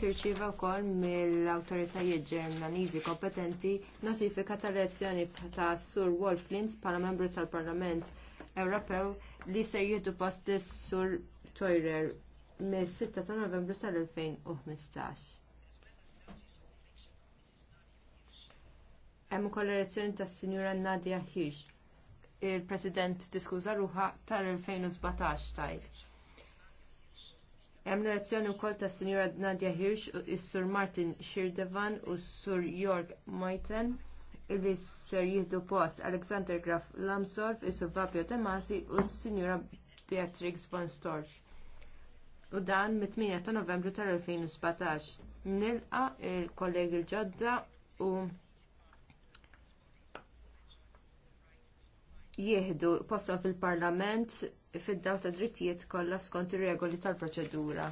tirċieva wkoll mill-awtoritajiet Ġermaniżi kompetenti notifika tal-elezzjoni ta' Sur Wolf Klintz bħala membru tal-Parlament Ewropew li ser jieħdu post lis Sur Toirer mis-6 ta' Novembru tal-2015. Hemm ukoll elezzjoni tas-Sinjura Nadia Hirsch, il-President diskuża ruħa tal-2017 tajt Hemm l-elezzjoni wkoll tas Sinjura Nadja Hirsch, is-Sur Martin Shirdevan u s-Sur York Meuten, illi ser jieħdu post Alexander Graf Lamsdorf, is-Sur Fabio Tamasi u s-Sinjura Beatrix von Storch. U dan mit-8 ta' Novembru tal-2017. Nilqa il-kollegi l-ġodda u jieħdu posthom fil-Parlament fid-daw ta' drittijiet kollha skont ir-regoli tal-proċedura.